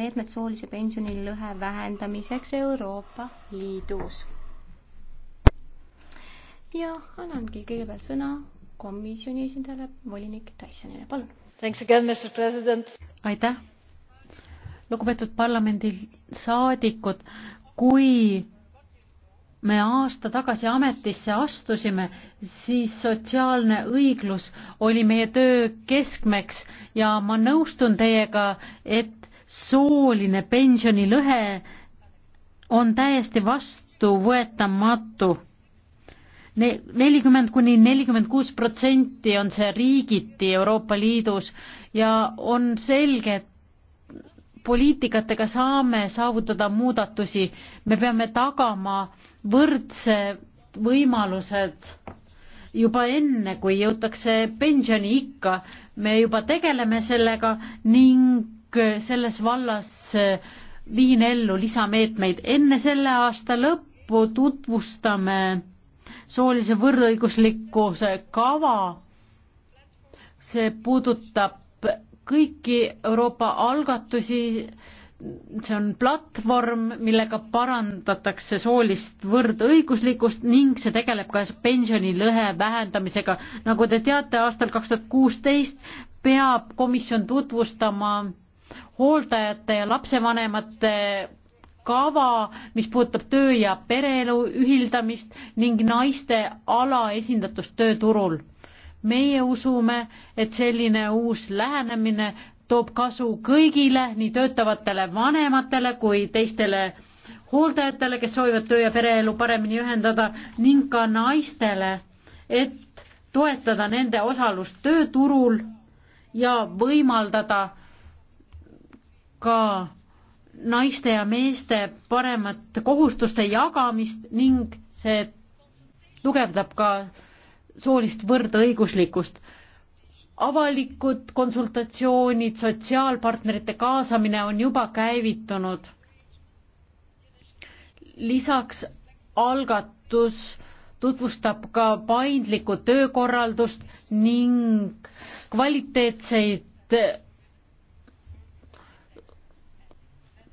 meetmed soolise pensionilõhe vähendamiseks Euroopa Liidus. ja annangi kõigepealt sõna komisjoni esindajale, volinik Tysonile, palun. aitäh, lugupeetud parlamendisaadikud, kui me aasta tagasi ametisse astusime, siis sotsiaalne õiglus oli meie töö keskmeks ja ma nõustun teiega, et sooline pensionilõhe on täiesti vastuvõetamatu. nelikümmend kuni nelikümmend kuus protsenti on see riigiti Euroopa Liidus ja on selge, et poliitikatega saame saavutada muudatusi, me peame tagama võrdse võimalused juba enne, kui jõutakse pensioniikka, me juba tegeleme sellega ning Eh, selles vallas eh, viin ellu lisameetmeid. enne selle aasta lõppu tutvustame soolise võrdõiguslikkuse kava. see puudutab kõiki Euroopa algatusi, see on platvorm, millega parandatakse soolist võrdõiguslikkust ning see tegeleb ka pensionilõhe vähendamisega. nagu te teate, aastal kaks tuhat kuusteist peab komisjon tutvustama hooldajate ja lapsevanemate kava, mis puudutab töö ja pereelu ühildamist ning naiste alaesindatust tööturul. meie usume, et selline uus lähenemine toob kasu kõigile, nii töötavatele vanematele kui teistele hooldajatele, kes soovivad töö ja pereelu paremini ühendada ning ka naistele, et toetada nende osalust tööturul ja võimaldada ka naiste ja meeste paremat kohustuste jagamist ning see tugevdab ka soolist võrdõiguslikkust. avalikud konsultatsioonid, sotsiaalpartnerite kaasamine on juba käivitunud. lisaks algatus tutvustab ka paindlikku töökorraldust ning kvaliteetseid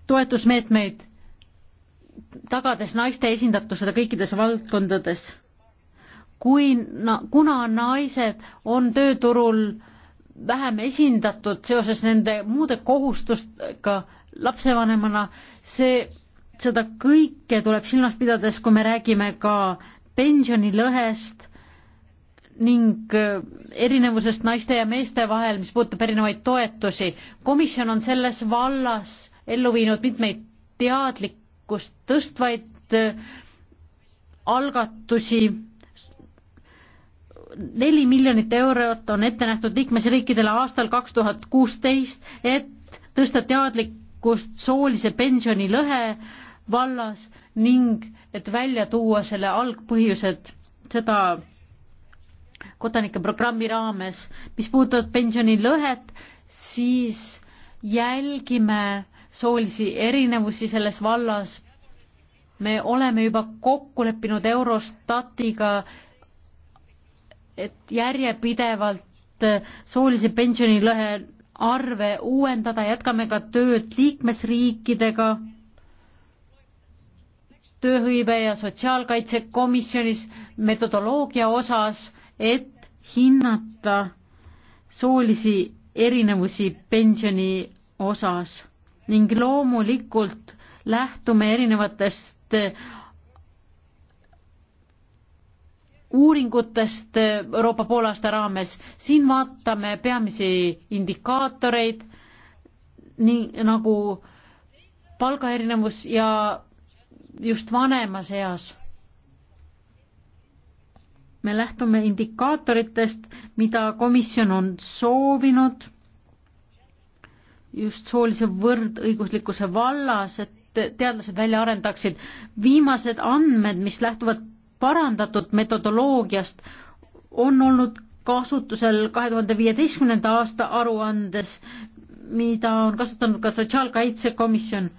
toetusmeetmeid, tagades naiste esindatusele kõikides valdkondades. kui na-, kuna naised on tööturul vähem esindatud seoses nende muude kohustustega lapsevanemana, see, seda kõike tuleb silmas pidades, kui me räägime ka pensionilõhest ning äh, erinevusest naiste ja meeste vahel, mis puudutab erinevaid toetusi. komisjon on selles vallas ellu viinud mitmeid teadlikkust tõstvaid äh, algatusi. neli miljonit eurot on ette nähtud liikmesriikidele aastal kaks tuhat kuusteist, et tõsta teadlikkust soolise pensionilõhe vallas ning et välja tuua selle algpõhjused, seda kodanike programmi raames. mis puudutab pensionilõhet, siis jälgime soolisi erinevusi selles vallas. me oleme juba kokku leppinud Eurostatiga, et järjepidevalt soolise pensionilõhe arve uuendada, jätkame ka tööd liikmesriikidega, tööhõive ja sotsiaalkaitsekomisjonis metodoloogia osas et hinnata soolisi erinevusi pensioni osas ning loomulikult lähtume erinevatest uuringutest Euroopa poolaasta raames. siin vaatame peamisi indikaatoreid, nii nagu palgaerinevus ja just vanemas eas me lähtume indikaatoritest, mida komisjon on soovinud just soolise võrdõiguslikkuse vallas, et teadlased välja arendaksid. viimased andmed, mis lähtuvad parandatud metodoloogiast, on olnud kasutusel kahe tuhande viieteistkümnenda aasta aruandes, mida on kasutanud ka Sotsiaalkaitsekomisjon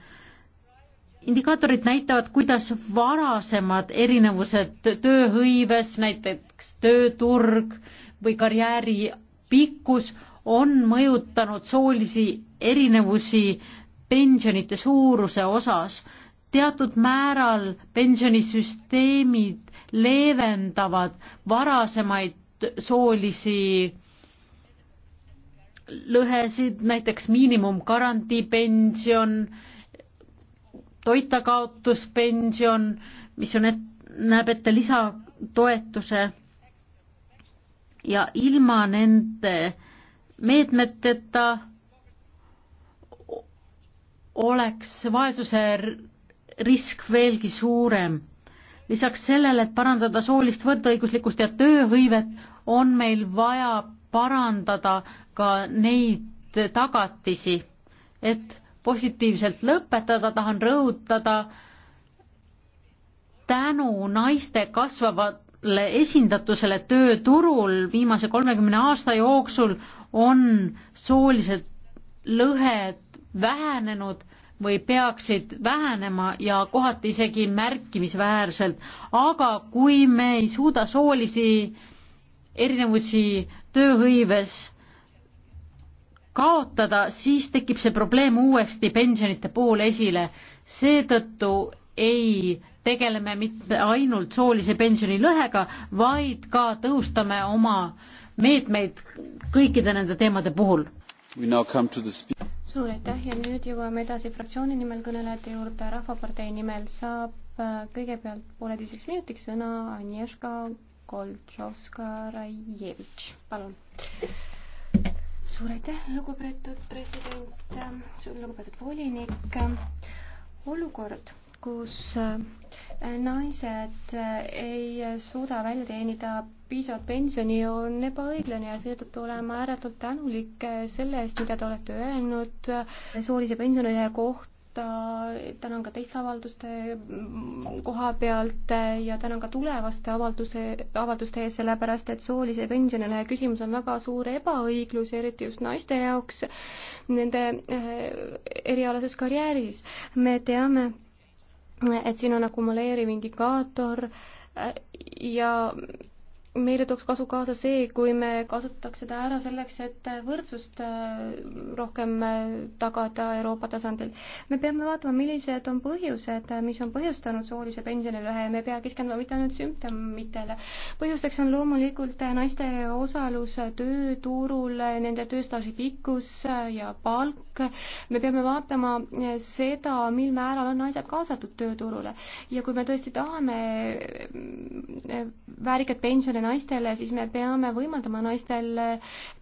indikaatorid näitavad, kuidas varasemad erinevused tööhõives, näiteks tööturg või karjääri pikkus on mõjutanud soolisi erinevusi pensionite suuruse osas. teatud määral pensionisüsteemid leevendavad varasemaid soolisi lõhesid, näiteks miinimumgarantiipension äh,, toitakaotuspension, mis on et,, näeb ette lisatoetuse ja ilma nende meetmeteta oleks vaesuse risk veelgi suurem. lisaks sellele, et parandada soolist võrdõiguslikkust ja tööhõivet, on meil vaja parandada ka neid tagatisi, et positiivselt lõpetada, tahan rõhutada tänu naiste kasvavale esindatusele tööturul viimase kolmekümne aasta jooksul on soolised lõhed vähenenud või peaksid vähenema ja kohati isegi märkimisväärselt, aga kui me ei suuda soolisi erinevusi tööhõives kaotada, siis tekib see probleem uuesti pensionite puhul esile. seetõttu ei tegele me mitte ainult soolise pensionilõhega, vaid ka tõhustame oma meetmeid kõikide nende teemade puhul. suur aitäh ja nüüd jõuame edasi fraktsiooni nimel kõnelejate juurde. rahvapartei nimel saab äh, kõigepealt pooleteiseks minutiks sõna Agnieszka Koltšovska-Rajevitš, palun suur aitäh, lugupeetud president, lugupeetud volinik. olukord, kus äh, naised äh, ei suuda välja teenida piisavat pensioni, on ebaõiglane ja seetõttu olen ma ääretult tänulik äh, selle eest, mida te olete öelnud soolise pensionäri kohta kohta, tänan ka teiste avalduste koha pealt ja tänan ka tulevaste avalduse, avalduste ees, sellepärast et soolise pensionile küsimus on väga suur ebaõiglus, eriti just naiste jaoks nende äh, erialases karjääris. me teame, et siin on akumuleeriv indikaator äh, ja meile tooks kasu kaasa see, kui me kasutaks seda ära selleks, et võrdsust äh, rohkem äh, tagada Euroopa tasandil. me peame vaatama, millised on põhjused, äh, mis on põhjustanud soolise pensionilõhe ja me ei pea keskenduma mitte ainult sümptomitele. põhjusteks on loomulikult naiste osalus tööturul, nende tööstaaži pikkus ja palk. me peame vaatama seda, mil määral on naised kaasatud tööturule ja kui me tõesti tahame väärikat pensioni meestele ja naistele, siis me peame võimaldama naistel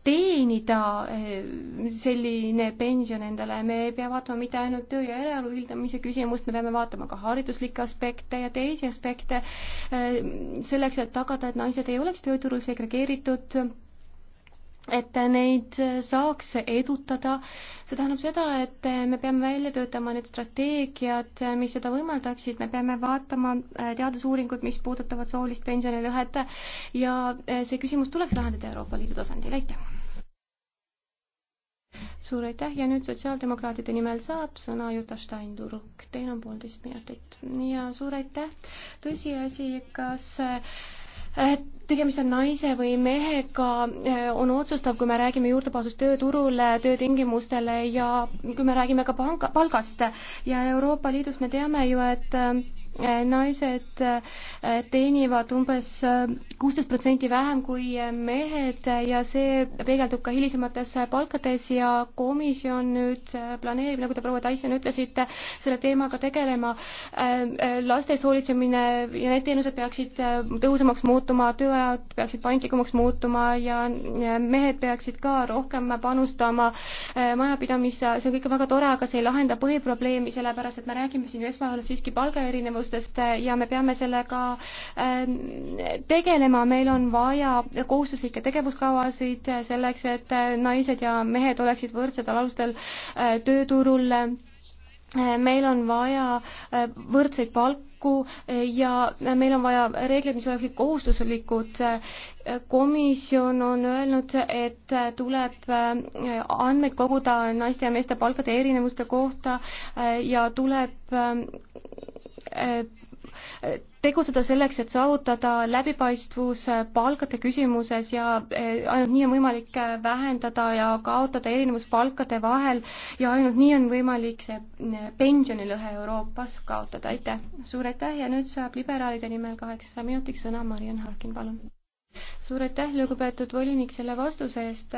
teenida eh, selline pension endale, me ei pea vaatama mitte ainult töö ja eraelu hildamise küsimust, me peame vaatama ka hariduslikke aspekte ja teisi aspekte eh, selleks, et tagada, et naised ei oleks tööturul segregeeritud et neid saaks edutada. see tähendab seda, et me peame välja töötama need strateegiad, mis seda võimaldaksid, me peame vaatama äh, teadusuuringuid, mis puudutavad soolist pensionilõhet ja äh, see küsimus tuleks lahendada Euroopa Liidu tasandil, aitäh! suur aitäh ja nüüd sotsiaaldemokraatide nimel saab sõna Juta Steinturk, teil on poolteist minutit ja suur aitäh, tõsiasi, kas äh, Äh, tegemist on naise või mehega, äh, on otsustav, kui me räägime juurdepääsust tööturule, töötingimustele ja kui me räägime ka panga, palgast ja Euroopa Liidus me teame ju, et äh, Äh, naised äh, teenivad umbes äh, kuusteist protsenti vähem kui mehed ja see peegeldub ka hilisemates palkades ja komisjon nüüd planeerib, nagu te, proua Tyson, ütlesite, selle teemaga tegelema. laste eest hoolitsemine ja need teenused peaksid tõhusamaks muutuma, tööajad peaksid paindlikumaks muutuma ja mehed peaksid ka rohkem panustama majapidamisse, see on kõik väga tore, aga see ei lahenda põhiprobleemi, sellepärast et me räägime siin esmajoones siiski palgaerinevus kohustustest ja me peame sellega äh, tegelema, meil on vaja kohustuslikke tegevuskavasid selleks, et äh, naised ja mehed oleksid võrdsetel alustel äh, tööturul. meil on vaja võrdseid palku ja meil on vaja reegleid, mis oleksid kohustuslikud komisjon on öelnud, et tuleb andmeid koguda naiste ja meeste palkade erinevuste kohta ja tuleb tegutseda selleks, et saavutada läbipaistvus palkade küsimuses ja e, ainult nii on võimalik e, vähendada ja kaotada erinevus palkade vahel ja ainult nii on võimalik see e, pensionilõhe Euroopas kaotada, aitäh. suur aitäh ja nüüd saab liberaalide nimel kaheksa minutiks sõna Mariann Harkin, palun. suur aitäh, lugupeetud volinik, selle vastuse eest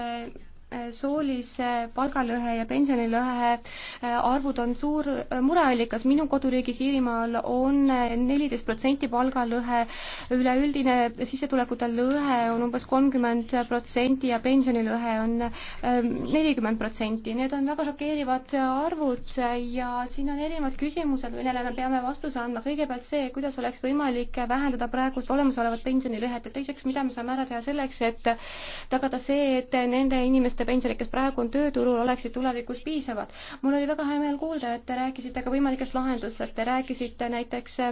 soolise palgalõhe ja pensionilõhe äh, arvud on suur äh, mureallikas. minu koduriigis Iirimaal on äh, neliteist protsenti palgalõhe, üleüldine sissetulekute lõhe on umbes kolmkümmend protsenti ja pensionilõhe on nelikümmend protsenti. Need on väga šokeerivad arvud ja siin on erinevad küsimused, millele me peame vastuse andma. kõigepealt see, kuidas oleks võimalik vähendada praegust olemasolevat pensionilõhet ja teiseks, mida me saame ära teha selleks, et tagada see, et nende inimeste inimeste pensionid, kes praegu on tööturul, oleksid tulevikus piisavad. mul oli väga hea meel kuulda, et te rääkisite ka võimalikest lahendustest, te rääkisite näiteks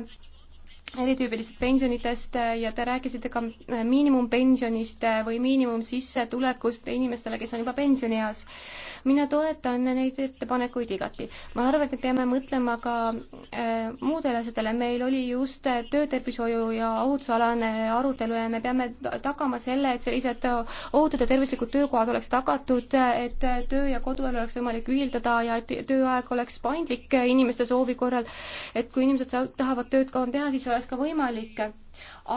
eritüübilisest pensionitest ja te rääkisite ka miinimumpensionist või miinimumsissetulekust inimestele, kes on juba pensionieas. mina toetan neid ettepanekuid igati. ma arvan, et me peame mõtlema ka äh, muudele asjadele, meil oli just töötervishoiu ja ohutusalane arutelu ja me peame tagama selle, et sellised ohutud ja tervislikud töökohad oleks tagatud, et töö ja koduelu oleks võimalik ühildada ja et tööaeg oleks paindlik inimeste soovi korral, et kui inimesed tahavad tööd kauem teha, siis oleks ka võimalik.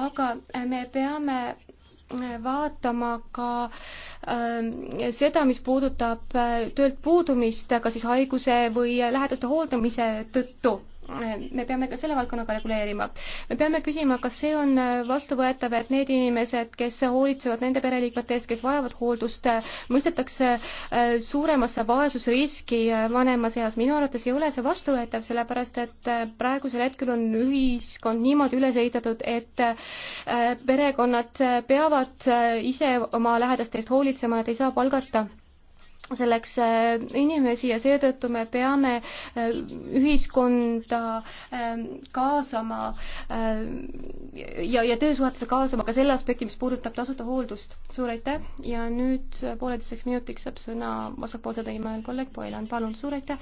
aga äh, me peame äh, vaatama ka äh, seda, mis puudutab äh, töölt puudumist, kas siis haiguse või lähedaste hooldamise tõttu me peame ka selle valdkonnaga reguleerima. me peame küsima, kas see on vastuvõetav, et need inimesed, kes hoolitsevad nende pereliikmete eest, kes vajavad hooldust, mõistetakse äh, suuremasse vaesusriski äh, vanemas eas. minu arvates ei ole see vastuvõetav, sellepärast et äh, praegusel hetkel on ühiskond niimoodi üles ehitatud, et perekonnad peavad ise oma lähedaste eest hoolitsema, nad ei saa palgata selleks äh, inimesi ja seetõttu me peame äh, ühiskonda ähm, kaasama äh, ja, ja töösuhetesse kaasama ka selle aspekti, mis puudutab tasuta hooldust. suur aitäh ja nüüd pooleteiseks minutiks saab sõna vasakpoolsete nimel kolleeg Boylan, palun, suur aitäh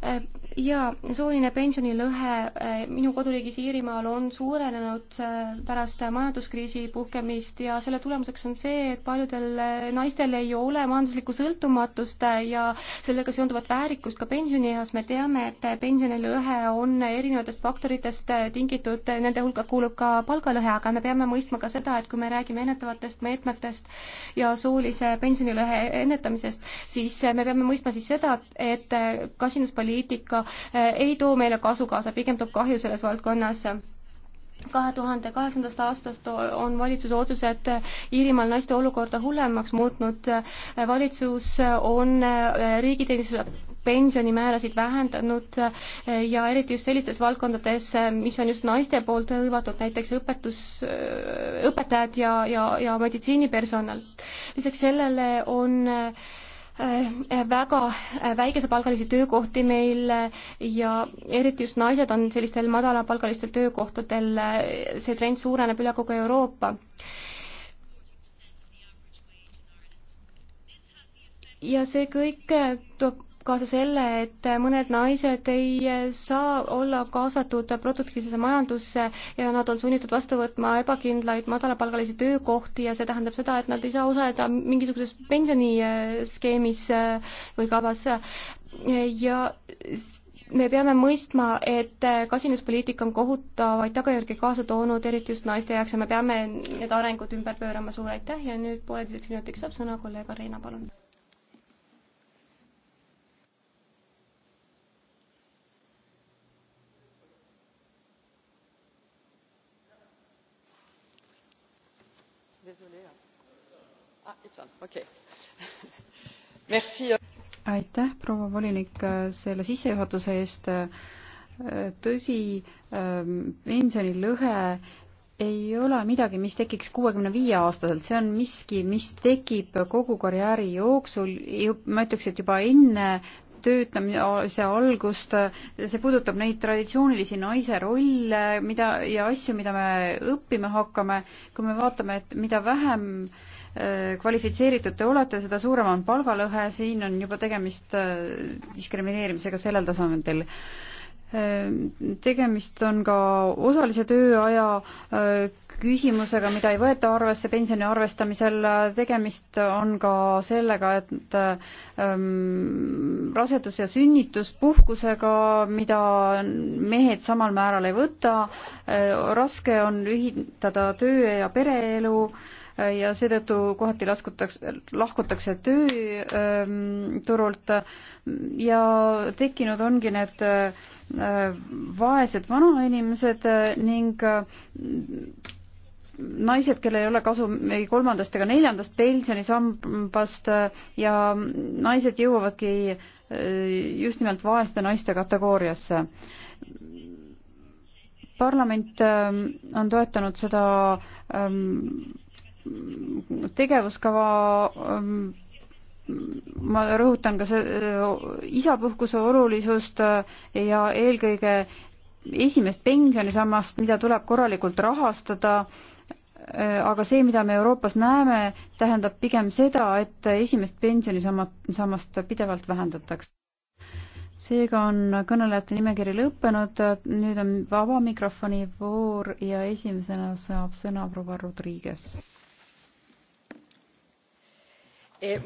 Äh, ja sooline pensionilõhe äh, minu koduriigis Iirimaal on suurenenud äh, pärast majanduskriisi puhkemist ja selle tulemuseks on see, et paljudel naistel ei ole majanduslikku sõltumatust ja sellega seonduvat väärikust ka pensionieas. me teame, et pensionilõhe on erinevatest faktoritest tingitud, nende hulka kuulub ka palgalõhe, aga me peame mõistma ka seda, et kui me räägime ennetavatest meetmetest ja soolise pensionilõhe ennetamisest, siis me peame mõistma siis seda, et kasinuspoliitika poliitika eh, ei too meile kasu kaasa, pigem toob kahju selles valdkonnas kahe tuhande kaheksandast aastast on valitsuse otsused eh, Iirimaal naiste olukorda hullemaks muutnud. Eh, valitsus on riigiteenistuse pensionimäärasid vähendanud ja eriti just sellistes valdkondades, mis on just naiste poolt hõivatud, näiteks õpetus, õpetajad ja, ja, ja meditsiinipersonal. lisaks sellele on äh, Äh, väga äh, väikesepalgalisi töökohti meil äh, ja eriti just naised on sellistel madalapalgalistel töökohtadel, see trend suureneb üle kogu Euroopa. ja see kõik toob kaasa selle, et mõned naised ei saa olla kaasatud produktiivsesse majandusse ja nad on sunnitud vastu võtma ebakindlaid madalapalgalisi töökohti ja see tähendab seda, et nad ei saa osaleda mingisuguses pensioniskeemis äh, või kavas ja me peame mõistma, et kasinuspoliitika on kohutavaid tagajärgi kaasa toonud, eriti just naiste jaoks ja me peame need arengud ümber pöörama, suur aitäh ja nüüd pooleteiseks minutiks saab sõna kolleeg Arena, palun Ah, euh. aitäh, proua volinik, äh, selle sissejuhatuse eest. Äh, tõsi, ähm, pensionilõhe ei ole midagi, mis tekiks kuuekümne viie aastaselt, see on miski, mis tekib kogu karjääri jooksul, ma ütleks, et juba enne töötamise algust, see puudutab neid traditsioonilisi naise rolle, mida ja asju, mida me õppima hakkame, kui me vaatame, et mida vähem äh, kvalifitseeritud te olete, seda suurem on palgalõhe, siin on juba tegemist äh, diskrimineerimisega sellel tasandil Ehm, tegemist on ka osalise tööaja äh, küsimusega, mida ei võeta arvesse pensioni arvestamisel, tegemist on ka sellega, et ähm, rasedus- ja sünnituspuhkusega, mida mehed samal määral ei võta äh,, raske on ühitada töö ja pereelu äh,, ja seetõttu kohati laskutakse, lahkutakse tööturult ja tekkinud ongi need äh, vaesed vanainimesed ning äh, naised, kellel ei ole kasu ei kolmandast ega neljandast pensionisambast äh, ja naised jõuavadki just nimelt vaeste naiste kategooriasse. parlament on toetanud seda ähm, tegevuskava ähm, ma rõhutan ka see äh, isapuhkuse olulisust äh, ja eelkõige esimest pensionisammast, mida tuleb korralikult rahastada, äh, aga see, mida me Euroopas näeme, tähendab pigem seda, et esimest pensionisammast pidevalt vähendatakse. seega on kõnelejate nimekiri lõppenud, nüüd on vaba mikrofoni voor ja esimesena saab sõna proua Rodriguez. Eh,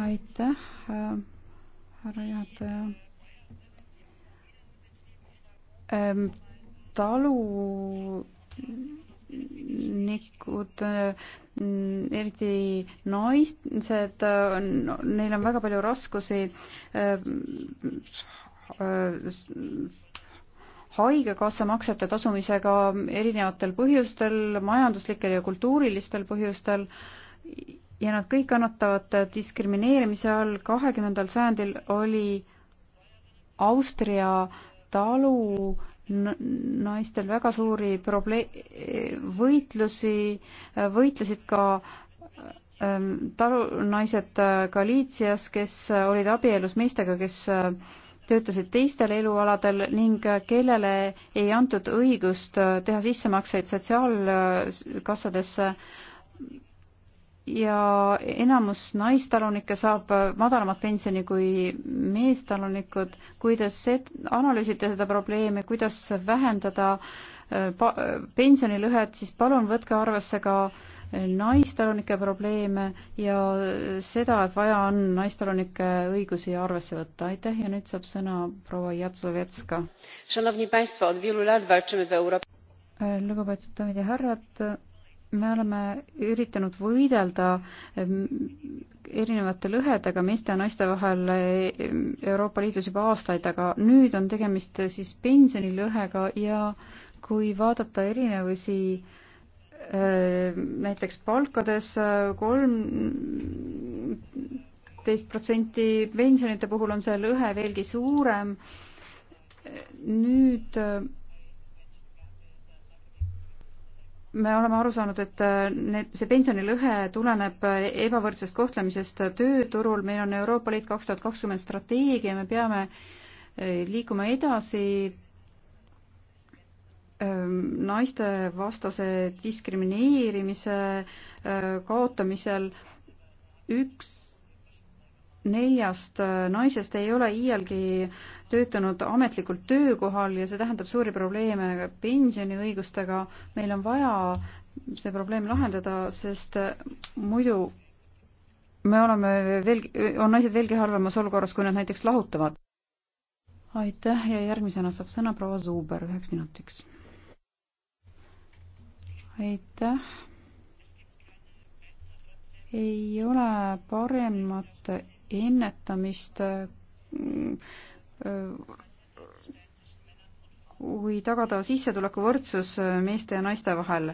aitäh eh, härra juhataja talunikud eh, mm, eriti naised neil on väga palju raskusi mm, haigekassa maksete tasumisega erinevatel põhjustel, majanduslikel ja kultuurilistel põhjustel ja nad kõik kannatavad diskrimineerimise all. kahekümnendal sajandil oli Austria talu naistel väga suuri probleem, võitlusi, võitlesid ka ähm, talunaised äh, Galiitsias, kes olid abielus meestega, kes äh, töötasid teistel elualadel ning kellele ei antud õigust teha sissemakseid sotsiaalkassadesse ja enamus naistalunikke saab madalamat pensioni kui meestalunikud. kuidas analüüsite seda probleemi, kuidas vähendada pensionilõhet, siis palun võtke arvesse ka äh, naistalanike probleeme ja seda, et vaja on naistalanike õigusi arvesse võtta. aitäh ja nüüd saab sõna proua Jatsovetska. lugupeetud daamid ja härrad, me oleme üritanud võidelda erinevate lõhedega meeste ja naiste vahel Euroopa Liidus juba aastaid, aga nüüd on tegemist siis pensionilõhega ja kui vaadata erinevusi äh, Äh, näiteks palkades äh, kolmteist protsenti, pensionite puhul on see lõhe veelgi suurem. nüüd äh, me oleme aru saanud, et need, see pensionilõhe tuleneb ebavõrdsest kohtlemisest tööturul, meil on Euroopa Liit kaks tuhat kakskümmend strateegia, me peame liikuma edasi naistevastase diskrimineerimise kaotamisel üks neljast naisest ei ole iialgi töötanud ametlikult töökohal ja see tähendab suuri probleeme pensioniõigustega. meil on vaja see probleem lahendada, sest muidu me oleme veel, on naised veelgi halvemas olukorras, kui nad näiteks lahutavad aitäh ja järgmisena saab sõna proua Zuber üheks minutiks. aitäh. ei ole paremat ennetamist kui tagada sissetuleku võrdsus meeste ja naiste vahel.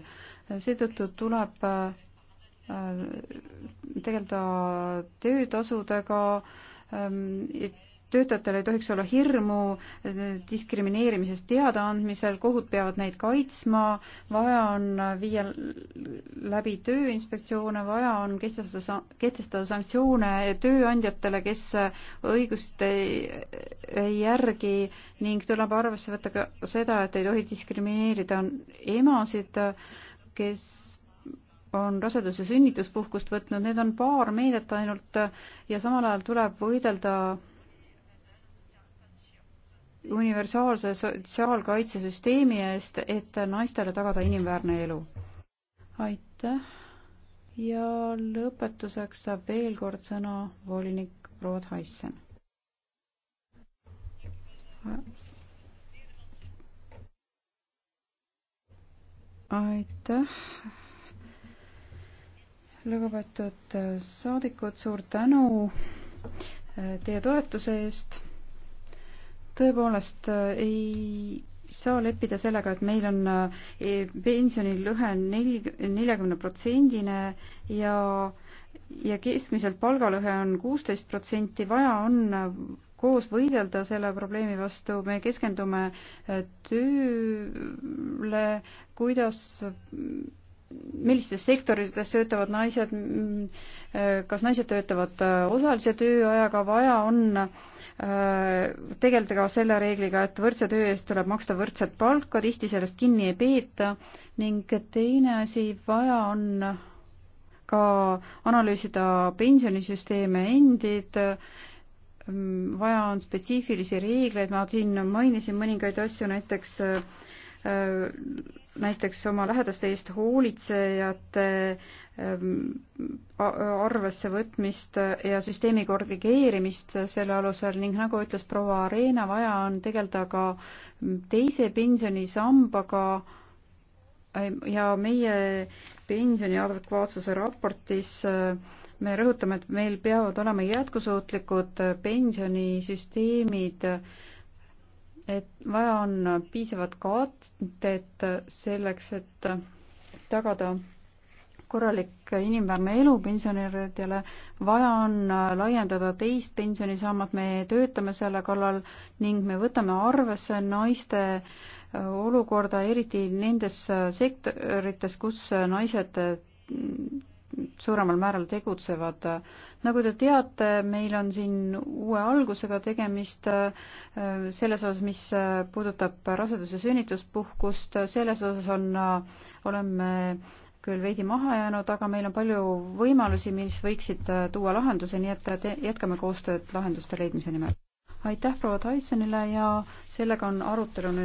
seetõttu tuleb äh, tegeleda töötasudega, ähm, et töötajatel ei tohiks olla hirmu eh, diskrimineerimisest teadaandmisel, kohud peavad neid kaitsma, vaja on eh, viia läbi tööinspektsioone, vaja on kehtestada, kehtestada sanktsioone tööandjatele, kes eh, õigust ei, ei järgi ning tuleb arvesse võtta ka seda, et ei tohi diskrimineerida emasid, kes on rasedus- ja sünnituspuhkust võtnud, need on paar meedet ainult ja samal ajal tuleb võidelda universaalse sotsiaalkaitsesüsteemi eest, et naistele tagada inimväärne elu. aitäh ja lõpetuseks saab veel kord sõna volinik Rood Haissen. aitäh, lugupeetud saadikud, suur tänu teie toetuse eest tõepoolest äh, ei saa leppida sellega, et meil on äh, pensionilõhe neli, neljakümne protsendine ja, ja keskmiselt palgalõhe on kuusteist protsenti, vaja on äh, koos võidelda selle probleemi vastu, me keskendume tööle, kuidas millistes sektorites töötavad naised, mm, kas naised töötavad osalise tööajaga, vaja on Äh, tegeleda ka selle reegliga, et võrdse töö eest tuleb maksta võrdset palka, tihti sellest kinni ei peeta ning teine asi, vaja on ka analüüsida pensionisüsteeme endid, mm, vaja on spetsiifilisi reegleid, ma siin mainisin mõningaid asju, näiteks äh, näiteks oma lähedaste eest hoolitsejate ähm, arvesse võtmist ja süsteemi korrigeerimist selle alusel ning nagu ütles proua Areena, vaja on tegeleda ka teise pensionisambaga ähm, ja meie pensioni adekvaatsuse raportis äh, me rõhutame, et meil peavad olema jätkusuutlikud pensionisüsteemid äh, et vaja on piisavat kaotet selleks, et tagada korralik inimväärne elu pensionäridele, vaja on laiendada teist pensionisammat, me töötame selle kallal ning me võtame arvesse naiste olukorda, eriti nendes sektorites, kus naised suuremal määral tegutsevad. nagu te teate, meil on siin uue algusega tegemist selles osas, mis puudutab rasedus- ja sünnituspuhkust, selles osas on, oleme küll veidi maha jäänud, aga meil on palju võimalusi, mis võiksid tuua lahenduse, nii et te, jätkame koostööd lahenduste leidmise nimel. aitäh proua Tysonile ja sellega on arutelu nüüd